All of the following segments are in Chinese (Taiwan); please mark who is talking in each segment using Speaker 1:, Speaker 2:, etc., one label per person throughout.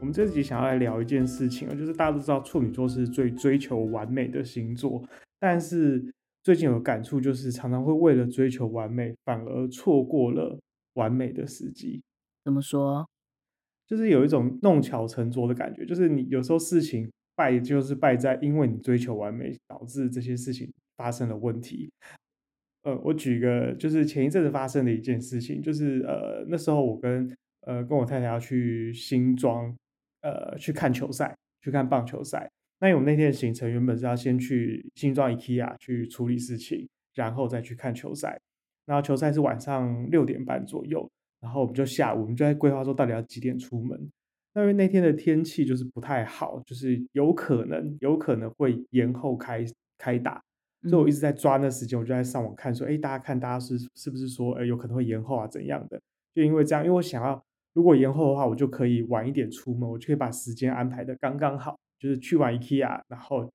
Speaker 1: 我們這集想要來聊一件事情，就是大家都知道處女座是最追求完美的星座，但是最近有感觸，就是常常會為了追求完美，反而錯過了完美的時機。怎麼說啊？就是有一種弄巧成拙的感覺，就是你有時候事情敗，就是敗在因為你追求完美，導致這些事情發生了問題。呃，我舉一個，就是前一陣子發生的一件事情，就是呃，那時候我跟呃跟我太太要去新莊。呃，去看球賽，去看棒球賽。那我們那天的行程原本是要先去新莊 IKEA 去處理事情，然後再去看球賽。然後球賽是晚上六點半左右，然後我們就下午，我們就在規劃說到底要幾點出門。那因為那天的天氣就是不太好，就是有可能有可能會延後開開打，所以我一直在抓那時間，我就在上網看說，誒、欸，大家看，大家是是不是說，誒、欸，有可能會延後啊怎樣的？就因為這樣，因為我想要。如果延後的話，我就可以晚一點出門，我就可以把時間安排的剛剛好，就是去完 IKEA，然後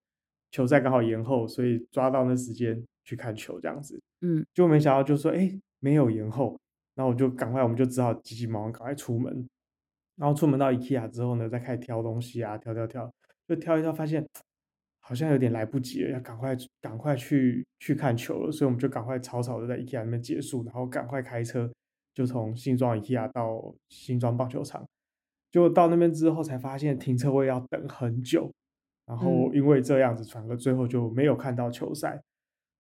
Speaker 1: 球賽剛好延後，所以抓到那時間去看球這樣子。嗯，就沒想到，就說哎，沒有延後，然後我就趕快，我們就只好急急忙忙趕快出門，然後出門到 IKEA 之後呢，再開始挑東西啊，挑挑挑，就挑一挑，發現好像有點來不及了，要趕快趕快去去看球了，所以我們就趕快草草的在 IKEA 裡面結束，然後趕快開車。就從新莊 IKEA 到新莊棒球場，就到那邊之後才發現停車位要等很久，然後因為這樣子傳了，反而、嗯、最後就沒有看到球賽，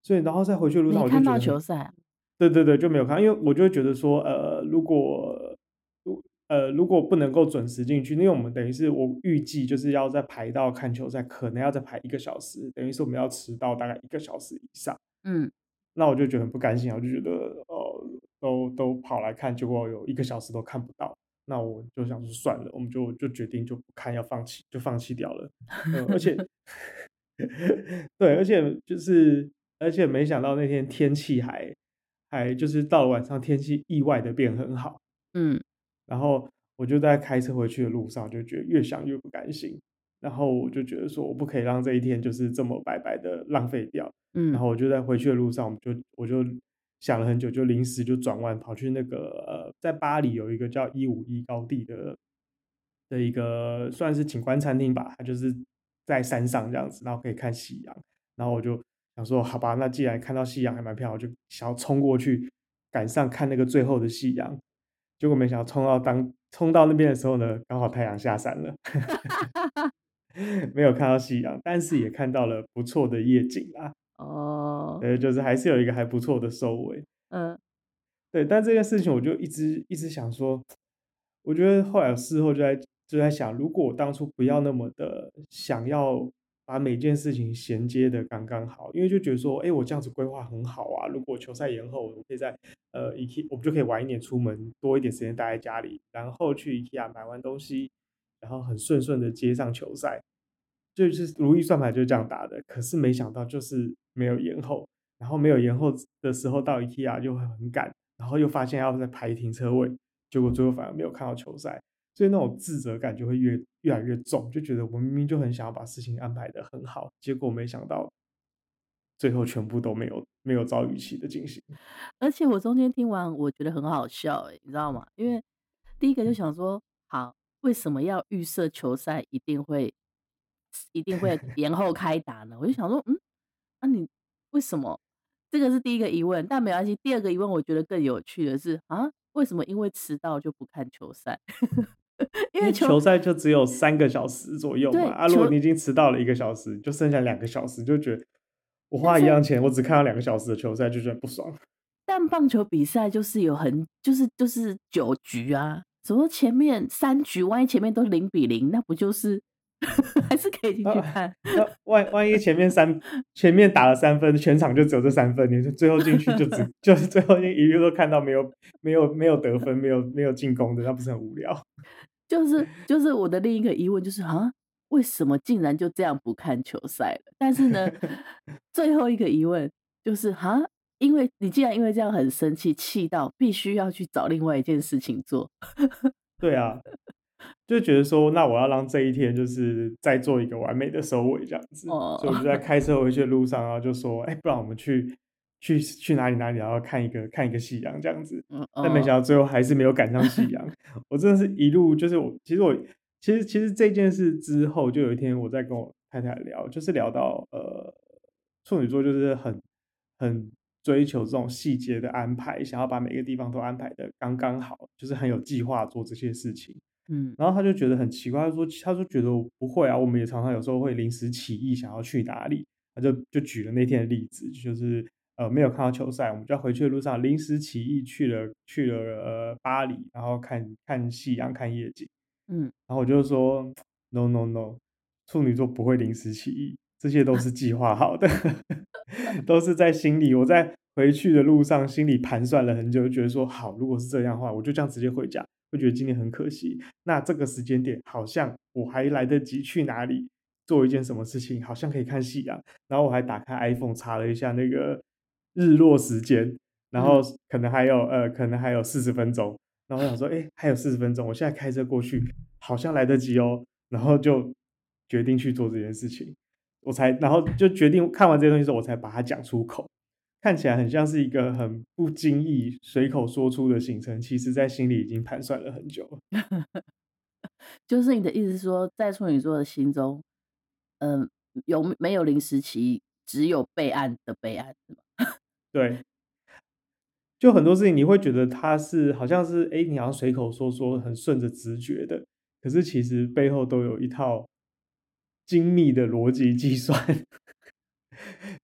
Speaker 1: 所以然後在回去的路上我就覺得沒看到球賽，對對對，就沒有看，因為我就覺得說，呃，如果如呃如果不能夠準時進去，因為我們等於是我預計就是要再排到看球賽，可能要再排一個小時，等於是我們要遲到大概一個小時以上，嗯，那我就覺得很不甘心，我就覺得呃。哦都都跑來看，結果有一個小時都看不到，那我就想說算了，我們就就決定就不看，要放棄，就放棄掉了，呃。而且， 對，而且就是，而且沒想到那天天氣還還就是到了晚上，天氣意外的變很好，嗯。然後我就在開車回去的路上，就覺得越想越不甘心。然後我就覺得說，我不可以讓這一天就是這麼白白的浪費掉。嗯。然後我就在回去的路上，我們就我就。我就想了很久，就臨時就轉彎跑去那個呃，在巴黎有一個叫一五一高地的的一個算是景觀餐廳吧，它就是在山上這樣子，然後可以看夕陽。然後我就想說，好吧，那既然看到夕陽還蠻漂亮，我就想要衝過去趕上看那個最後的夕陽。結果沒想到衝到當衝到那邊的時候呢，剛好太陽下山了， 沒有看到夕陽，但是也看到了不錯的夜景啊。哦，呃、oh.，就是還是有一個還不錯的收尾，嗯，uh. 對，但這件事情我就一直一直想說，我覺得後來事後就在就在想，如果我當初不要那麼的想要把每件事情銜接的剛剛好，因為就覺得說，哎，我這樣子規劃很好啊，如果球賽延後，我可以在呃宜家我們就可以晚一點出門，多一點時間待在家裡，然後去宜家買完東西，然後很順順的接上球賽。就是如意算盤就是這樣打的，可是沒想到就是沒有延後，然後沒有延後的時候到一天啊就會很趕，然後又發現要再排停車位，結果最後反而沒有看到球賽，所以那種自責感就會越越來越重，就覺得我明明就很想要把事情安排得很好，結果沒想到最後全部都沒有沒有照預期的進行。
Speaker 2: 而且我中間聽完我覺得很好笑哎、欸，你知道嗎？因為第一個就想說，好，為什麼要預設球賽一定會？一定會延後開打呢， 我就想說，嗯，那、啊、你為什麼？這個是第一個疑問。但沒關係，第二個疑問我覺得更有趣的是，啊，為什麼因為遲到就不看球賽？ 因為球
Speaker 1: 賽就只有三個小時左右嘛。對啊，如果你已經遲到了一個小時，對就剩下兩個小時，就覺得我花一樣錢，是我只看了兩個小時的球賽，就覺得不爽。
Speaker 2: 但棒球比賽就是有很，就是就是九局啊，什麼前面三局，萬一前面都是零比零，那不就是？ 還是可以進去看。萬、啊
Speaker 1: 啊、萬一前面三 前面打了三分，全場就只有這三分，你就最後進去就只就是最後一一路都看到沒有沒有沒有得分，沒有沒有進攻的，那不是很無聊？
Speaker 2: 就是就是我的另一個疑問就是啊，為什麼竟然就這樣不看球賽了？但是呢， 最後一個疑問就是啊，因為你竟然因為這樣很生氣，氣到必須要去找另外一件事情做。
Speaker 1: 對啊。就覺得說，那我要讓這一天就是再做一個完美的收尾，這樣子，Oh. 所以我就在開車回去的路上，然後就說，哎、欸，不然我們去去去哪裡哪裡，然後看一個看一個夕陽，這樣子。Oh. 但沒想到最後還是沒有趕上夕陽。 我真的是一路就是我，其實我其實其實這件事之後，就有一天我在跟我太太聊，就是聊到呃，處女座就是很很追求這種細節的安排，想要把每個地方都安排的剛剛好，就是很有計劃做這些事情。嗯，然後他就覺得很奇怪，他說，他就覺得我不會啊，我們也常常有時候會臨時起意想要去哪裡，他就就舉了那天的例子，就是呃沒有看到球賽，我們在回去的路上臨時起意去了去了呃巴黎，然後看看夕陽看夜景，嗯，然後我就說 no no no，處女座不會臨時起意，這些都是計劃好的， 都是在心裡，我在回去的路上心裡盤算了很久，就覺得說好，如果是這樣的話，我就這樣直接回家。會覺得今天很可惜。那這個時間點好像我還來得及去哪裡做一件什麼事情，好像可以看夕陽啊。然後我還打開 iPhone 查了一下那個日落時間，然後可能還有呃，可能還有四十分鐘。然後我想說，哎，還有四十分鐘，我現在開車過去好像來得及哦。然後就決定去做這件事情。我才，然後就決定看完這些東西之後，我才把它講出口。看起來很像是一個很不經意隨口說出的行程，其實在心裡已經盤算了很久了
Speaker 2: 就是你的意思說，在處女座的心中，嗯，有沒有臨時起意只有備案的備案？是嗎 對，
Speaker 1: 就很多事情你會覺得他是好像是哎、欸，你要隨口說說很順着直覺的，可是其實背後都有一套精密的邏輯計算。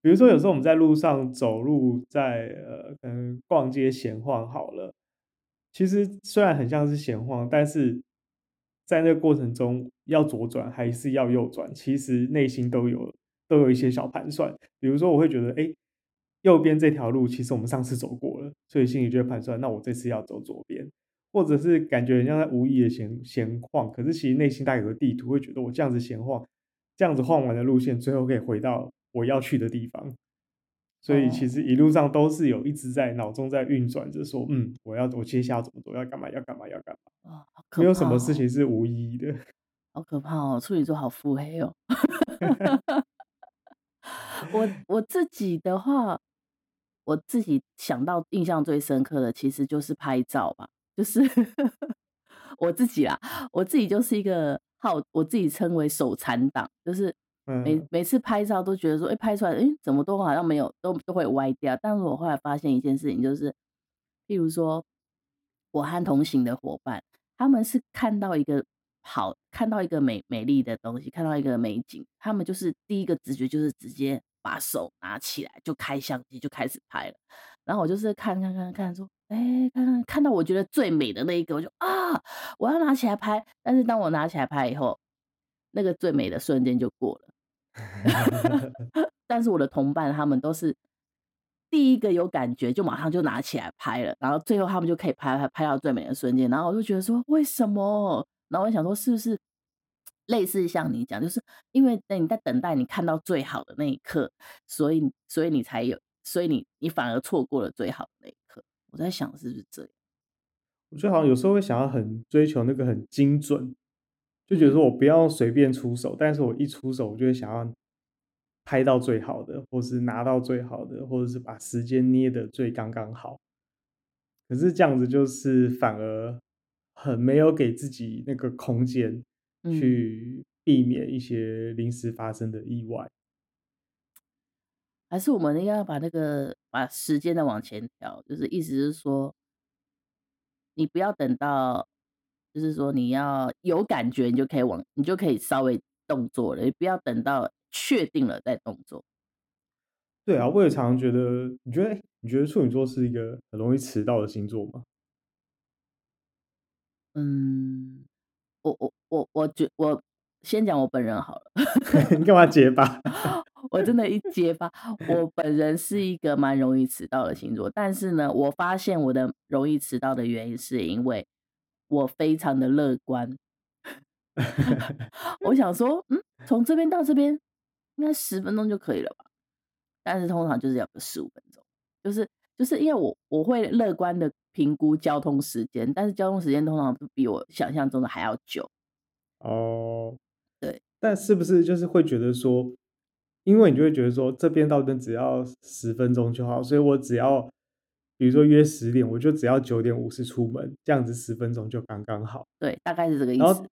Speaker 1: 比如說，有時候我們在路上走路，在呃，可能逛街閒晃好了。其實雖然很像是閒晃，但是在那個過程中要左轉還是要右轉，其實內心都有都有一些小盤算。比如說，我會覺得，哎、欸，右邊這條路其實我們上次走過了，所以心裡就會盤算，那我這次要走左邊，或者是感覺人家在無意的閒閒晃，可是其實內心大概有個地圖，會覺得我這樣子閒晃，這樣子晃完的路線，最後可以回到。我要去的地方，所以其實一路上都是有一直在腦中在運轉，就說，嗯，我要我接下來怎麼做，要幹嘛，要幹嘛，要幹嘛。哦，好可怕哦、沒有什麼事情
Speaker 2: 是無意的，好可怕哦！處女座好腹黑哦。 我我自己的話，我自己想到印象最深刻的，其實就是拍照吧，就是 我自己啊。我自己就是一個好，我自己稱為手殘黨，就是。嗯、每每次拍照都覺得說，哎、欸，拍出來，哎、欸，怎麼都好像沒有，都都會歪掉。但是我後來發現一件事情，就是，譬如說，我和同行的夥伴，他們是看到一個好，看到一個美美麗的東西，看到一個美景，他們就是第一個直覺就是直接把手拿起來就開相機就開始拍了。然後我就是看看看看說，哎、欸，看看看到我覺得最美的那一個，我就啊，我要拿起來拍。但是當我拿起來拍以後，那個最美的瞬間就過了， 但是我的同伴他們都是第一個有感覺，就馬上就拿起來拍了，然後最後他們就可以拍拍拍到最美的瞬間，然後我就覺得說為什麼？然後我想說是不是類似像你講，就是因為你在等待你看到最好的那一刻，所以所以你才有，所以你你反而錯過了最好的那一刻。我在想是不是這樣？我覺
Speaker 1: 得好像有時候會想要很追求那個很精準。就覺得說我不要隨便出手，但是我一出手，我就會想要拍到最好的，或是拿到最好的，或者是把時間捏得最剛剛好。可是這樣子就是反而很沒有給自己那個空間去避免一些臨時發生的意外。嗯，
Speaker 2: 還是我們應該要把那個把時間的往前調，就是意思是說，你不要等到。就是說，你要有感覺，你就可以往，你就可以稍微動作了，你不要等到確定了再動作。
Speaker 1: 對啊，我也常常覺得，你覺得你覺得處女座是一個很容易遲到的星座嗎？嗯，
Speaker 2: 我我我我覺我，我，我先講我本人好了。
Speaker 1: 你幹嘛結巴？
Speaker 2: 我真的一結巴，我本人是一個蠻容易遲到的星座，但是呢，我發現我的容易遲到的原因是因為。我非常的樂觀， 我想說，嗯，從這邊到這邊應該十分鐘就可以了吧？但是通常就是要個十五分鐘，就是就是因為我我會樂觀的評估交通時間，但是交通時間通常都比我想象中的還要久。哦，對，
Speaker 1: 但是不是就是會覺得說，因為你就會覺得說這邊到這邊只要十分鐘就好，所以我只要。比如說約十點，我就只要九點五十出門，這樣子十分鐘就剛剛好。
Speaker 2: 對，大概是這個意思。然
Speaker 1: 後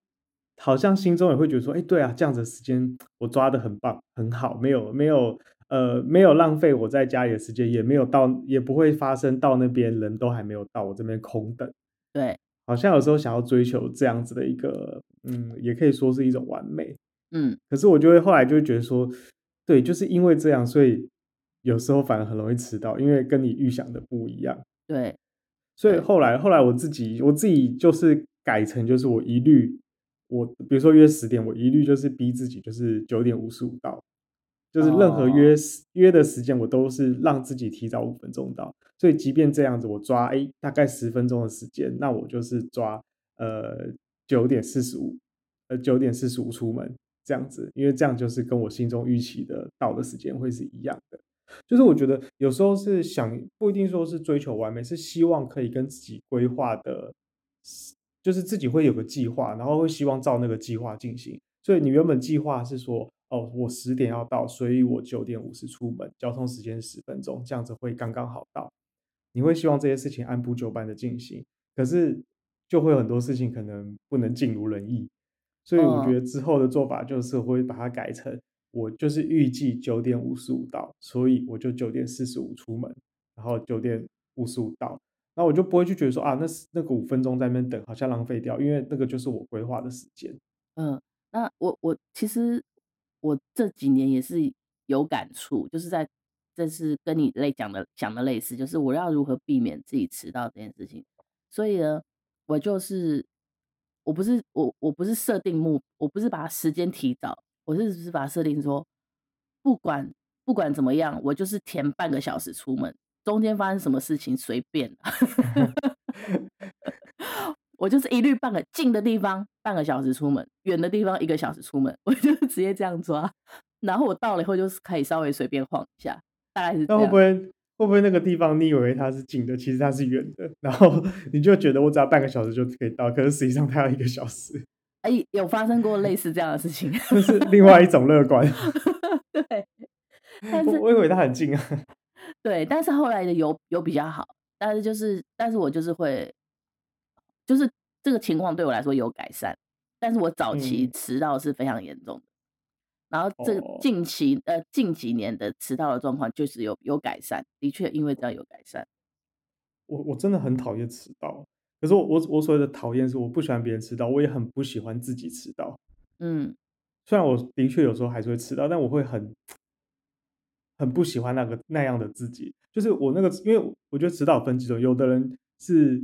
Speaker 1: 好像心中也會覺得說，哎，對啊，這樣子的時間我抓得很棒，很好，沒有沒有呃沒有浪費我在家裡的時間，也沒有到也不會發生到那邊人都還沒有到我這邊空等。對，好像有時候想要追求這樣子的一個，嗯，也可以說是一種完美，嗯。可是我就會後來就會覺得說，對，就是因為這樣，所以。有時候反而很容易遲到，因為跟你預想的不一樣。對，所以後來後來我自己我自己就是改成就是我一律我比如說約十點，我一律就是逼自己就是九點五十五到，就是任何約、哦、約的時間我都是讓自己提早五分鐘到。所以即便這樣子，我抓哎大概十分鐘的時間，那我就是抓呃九點四十五，呃九點四十五出門這樣子，因為這樣就是跟我心中預期的到的時間會是一樣的。就是我覺得有時候是想不一定說是追求完美，是希望可以跟自己規劃的，就是自己會有個計劃，然後會希望照那個計劃進行。所以你原本計劃是說，哦，我十點要到，所以我九點五十出門，交通時間十分鐘，這樣子會剛剛好到。你會希望這些事情按部就班的進行，可是就會有很多事情可能不能盡如人意，所以我覺得之後的做法就是會把它改成。我就是預計九點五十五到，所以我就九點四十五出門，然後九點五十五到，那我就不會去覺得說啊，那是那個五分鐘在那邊等，好像浪費掉，因為那個就是我規劃
Speaker 2: 的時間。嗯，那我我其實我這幾年也是有感觸，就是在這是跟你類講的講的類似，就是我要如何避免自己遲到這件事情。所以呢，我就是我不是我我不是設定目，我不是把時間提早。我是只是把設定說，不管不管怎麼樣，我就是填半個小時出門，中間發生什麼事情隨便啊。 我就是一律半個近的地方，半個小時出門；遠的地方，一個小時出門。我就直接這樣抓。然後我到了以後，就是可以稍微隨便晃一下，大概是這樣。但會不
Speaker 1: 會會不會那個地方你以為它是近的，其實它是遠的，然後你就覺得我只要半個小時就可以到，可是實際上它要一個小時？
Speaker 2: 哎、欸，有發生過類似這樣的事情，就
Speaker 1: 是另外一種樂觀。 對，
Speaker 2: 但是我,我以為他很近啊。對，但是後來的有有比較好，但是就是，但是我就是會，就是這個情況對我來說有改善，但是我早期遲到是非常嚴重的，嗯、然後這個近期、哦、呃近幾年的遲到的狀況就是有有改善，的確因為這樣有改善。
Speaker 1: 我我真的很討厭遲到。可是我我所謂的討厭是我不喜歡別人遲到，我也很不喜歡自己遲到。嗯，雖然我的確有時候還是會遲到，但我會很很不喜歡那個那樣的自己。就是我那個，因為我覺得遲到分幾種，有的人是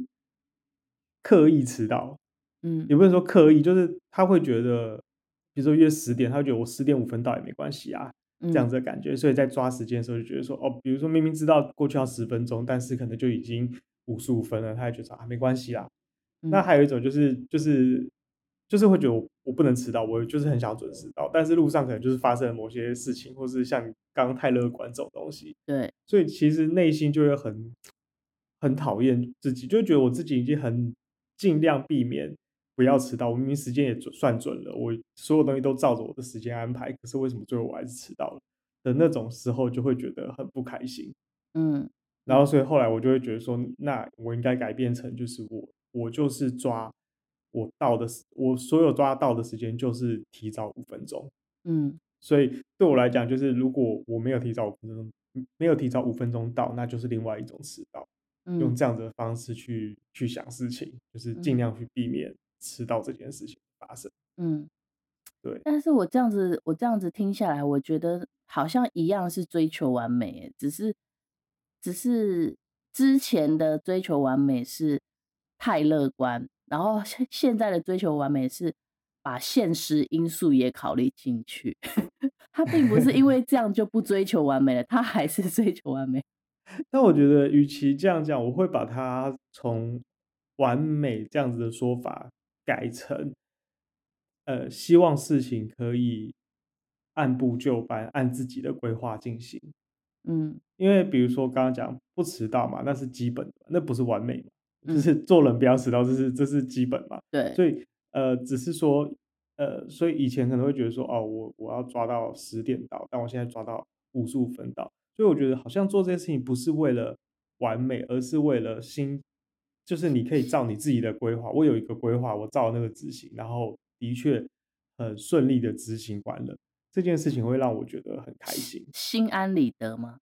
Speaker 1: 刻意遲到，嗯，也不是說刻意，就是他會覺得，比如說約十點，他會覺得我十點五分到也沒關係啊，這樣子的感覺，嗯、所以在抓時間的時候就覺得說，哦，比如說明明知道過去要十分鐘，但是可能就已經。五十五分了，他也覺得啊，沒關係啦。嗯。那還有一種就是，就是，就是會覺得我,我不能遲到，我就是很想準時到，但是路上可能就是發生了某些事情，或是像剛剛太樂觀這種東西。對，所以其實內心就會很很討厭自己，就會覺得我自己已經很儘量避免不要遲到，我明明時間也準，算準了，我所有東西都照着我的時間安排，可是為什麼最後我還是遲到了？的那種時候就會覺得很不開心。嗯。然後，所以後來我就會覺得說，那我應該改變成就是我，我就是抓我到的，我所有抓到的時間就是提早五分鐘。嗯，所以對我來講，就是如果我沒有提早五分鐘，沒有提早五分鐘到，那就是另外一種遲到。嗯，用這樣的方式去去想事情，就是盡量去避免遲到這件事情
Speaker 2: 發生。嗯，嗯對。但是我這樣子，我這樣子聽下來，我覺得好像一樣是追求完美，只是。只是之前的追求完美是太樂觀，然後現在的追求完美是把現實因素也考慮進去。 他並不是因為這樣就不追求完美了，他還是追求完美。 但我覺得，與其這樣講，我會
Speaker 1: 把它從完美這樣子的說法改成，呃，希望事情可以按部就班，按自己的規劃進行。嗯，因為比如說剛剛講不遲到嘛，那是基本的，那不是完美嘛，就是做人不要遲到，這是這是基本嘛。對，所以呃，只是說呃，所以以前可能會覺得說哦，我我要抓到十點到，但我現在抓到五十五分到，所以我覺得好像做這些事情不是為了完美，而是為了心，就是你可以照你自己的規劃，我有一個規劃，我照那個執行，然後的確很順利的執行完了。這件事情會讓我覺得很開心，
Speaker 2: 心安理得嗎？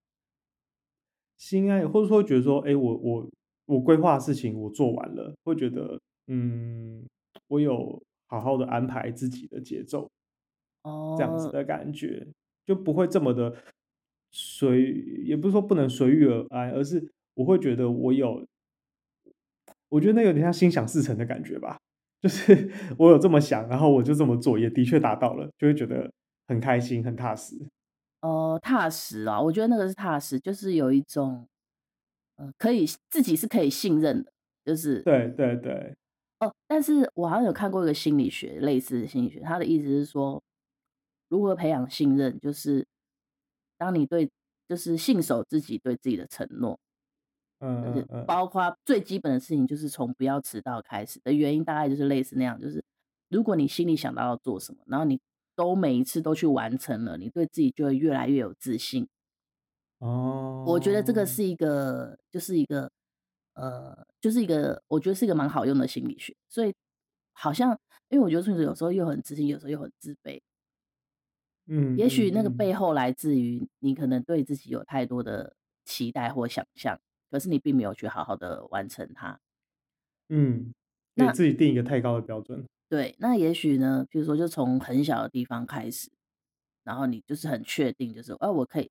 Speaker 1: 心安，或者說覺得說，哎，我我我規劃的事情我做完了，會覺得，嗯，我有好好的安排自己的節奏，哦，oh. 這樣子的感覺就不會這麼的隨，也不是說不能隨遇而安，而是我會覺得我有，我覺得那有點像心想事成的感覺吧，就是我有這麼想，然後我就這麼做，也的確達到了，就會覺得。很開心，很踏實。
Speaker 2: 哦、呃，踏實啊！我覺得那個是踏實，就是有一種，呃、可以自己是可以信任的，就是對對對。對對哦，但是我好像有看過一個心理學，類似的心理學，他的意思是說，如何培養信任，就是當你對，就是信守自己對自己的承諾。嗯嗯。包括最基本的事情，就是從不要遲到開始的原因，大概就是類似那樣，就是如果你心裡想到要做什麼，然後你。都每一次都去完成了，你對自己就會越來越有自信。哦，我覺得這個是一個，就是一個，呃，就是一個，我覺得是一個蠻好用的心理學。所以好像，因為我覺得自己有時候又很自信，有時候又很自卑。嗯，也許那個背後來自於你可能對自己有太多的期待或想象，可是你並沒有去好好的完成它。嗯，
Speaker 1: 給那自己定一個太高的標準。
Speaker 2: 對，那也許呢？譬如說，就從很小的地方開始，然後你就是很確定，就是，哎、啊，我可以，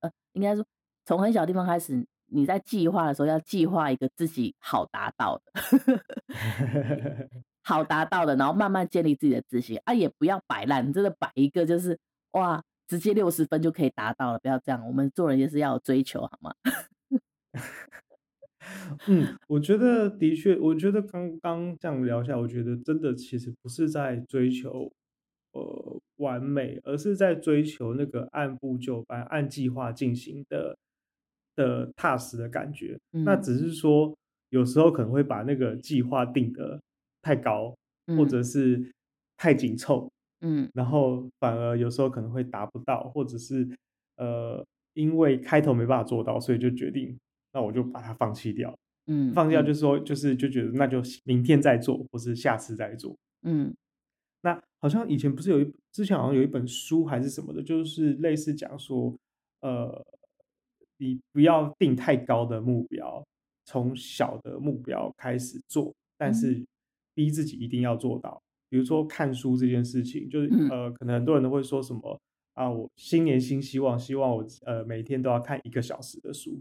Speaker 2: 呃、應該說從很小的地方開始，你在計劃的時候要計劃一個自己好達到的， 好達到的，然後慢慢建立自己的自信啊！也不要擺爛，你真的擺一個就是哇，直接六十分就可以達到了，不要這樣。我們做人也是要有追求，好嗎？
Speaker 1: 嗯，我覺得的確，我覺得剛剛這樣聊下，我覺得真的其實不是在追求呃完美，而是在追求那個按部就班、按計劃進行的的踏實的感覺。嗯、那只是說，有時候可能會把那個計劃定得太高，或者是太緊湊，嗯、然後反而有時候可能會達不到，或者是呃，因為開頭沒辦法做到，所以就決定。那我就把它放棄掉，嗯，放棄掉就是說，就是就覺得那就明天再做，或是下次再做，嗯。那好像以前不是有一，之前好像有一本書還是什麼的，就是類似講說，呃，你不要定太高的目標，從小的目標開始做，但是逼自己一定要做到。比如說看書這件事情，就是、嗯、呃，可能很多人都會說什麼啊，我新年新希望，希望我呃每天都要看一個小時的書。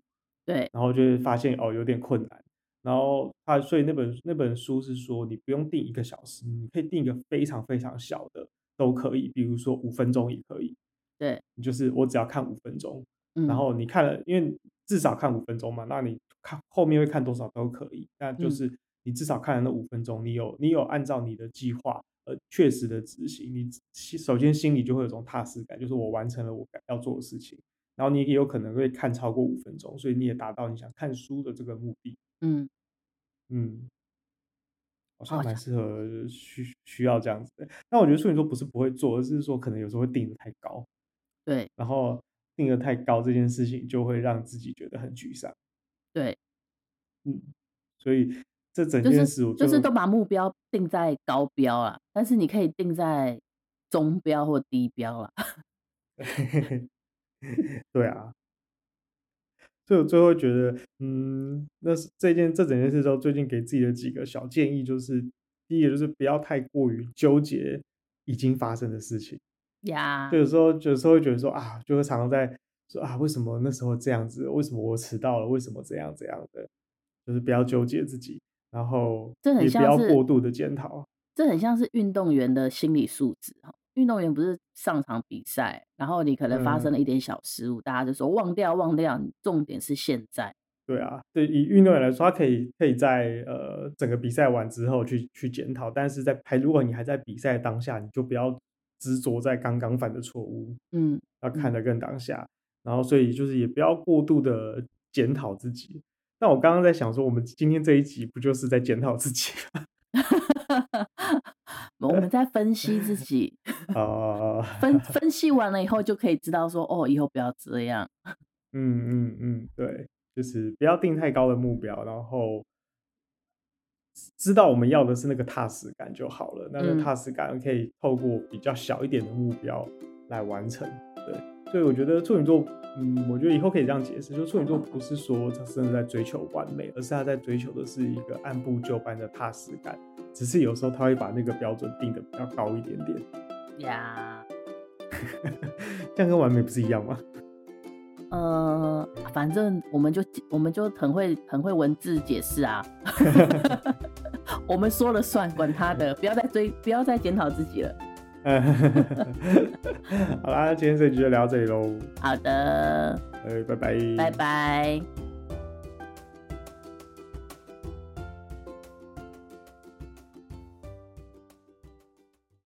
Speaker 1: 對，然後就會發現哦，有點困難。然後他，所以那本那本書是說，你不用定一個小時，你可以定一個非常非常小的都可以，比如說五分鐘也可以。
Speaker 2: 對，
Speaker 1: 就是我只要看五分鐘，嗯，然後你看了，因為至少看五分鐘嘛，那你看後面會看多少都可以。那就是你至少看了那五分鐘，你有你有按照你的計劃呃確實的執行，你心首先心裡就會有種踏實感，就是我完成了我要做的事情。然後你也有可能會看超過五分鐘，所以你也達到你想看書的這個目的。嗯嗯，好像蠻適合需像需要這樣子的。那我覺得說你說不是不會做，而是說可能有時候會定得太高。對，然後定得太高這件事情就會讓自己覺得很沮喪。對，嗯，所以這整件事我就，就是、就是都
Speaker 2: 把目標定在高標啦，但是你可以定在中標或低標啦。
Speaker 1: 對啊，所以我最後覺得，嗯，那這件這整件事之後，最近給自己的幾個小建議，就是第一個就是不要太過於糾結已經發生的事情，
Speaker 2: 呀，就
Speaker 1: 有時候就有時候會覺得說啊，就會常常在說啊，為什麼那時候這樣子？為什麼我遲到了？為什麼這樣這樣的？就是不要糾結自己，然後也不要過度的檢討。
Speaker 2: 這很像是運動員的心理素質。運動員不是上場比賽，然後你可能發生了一點小失誤，嗯、大家就說忘掉，忘掉。重點是現在。
Speaker 1: 對啊，對，以運動員來說，他可以可以在呃整個比賽完之後去去檢討，但是在還如果你還在比賽當下，你就不要執着在剛剛犯的錯誤，嗯，要看得更當下。然後所以就是也不要過度的檢討自己。那我剛剛在想說，我們今天這一集不就是在檢討自己嗎？ 我們在
Speaker 2: 分析自己， 好，分分析完了以後，就可以知道說，哦，以後不要這樣。嗯
Speaker 1: 嗯嗯，對，就是不要定太高的目標，然後知道我們要的是那個踏實感就好了。那個踏實感可以透過比較小一點的目標來完成。嗯、對，所以我覺得處女座，嗯，我覺得以後可以這樣解釋，就處女座不是說他真的在追求完美，而是他在追求的是一個按部就班的踏實感。只是有時候他會把那個標準定得比較高一點點，
Speaker 2: 對呀，Yeah.
Speaker 1: 這樣跟完美不是一樣嗎？嗯、
Speaker 2: 呃，反正我們就我們就很會很會文字解釋啊， 我們說了算，管他的，不要再追，不要再檢討自己
Speaker 1: 了。 好啦，今天這集就聊到這裡嘍。
Speaker 2: 好的，哎，拜拜，拜拜。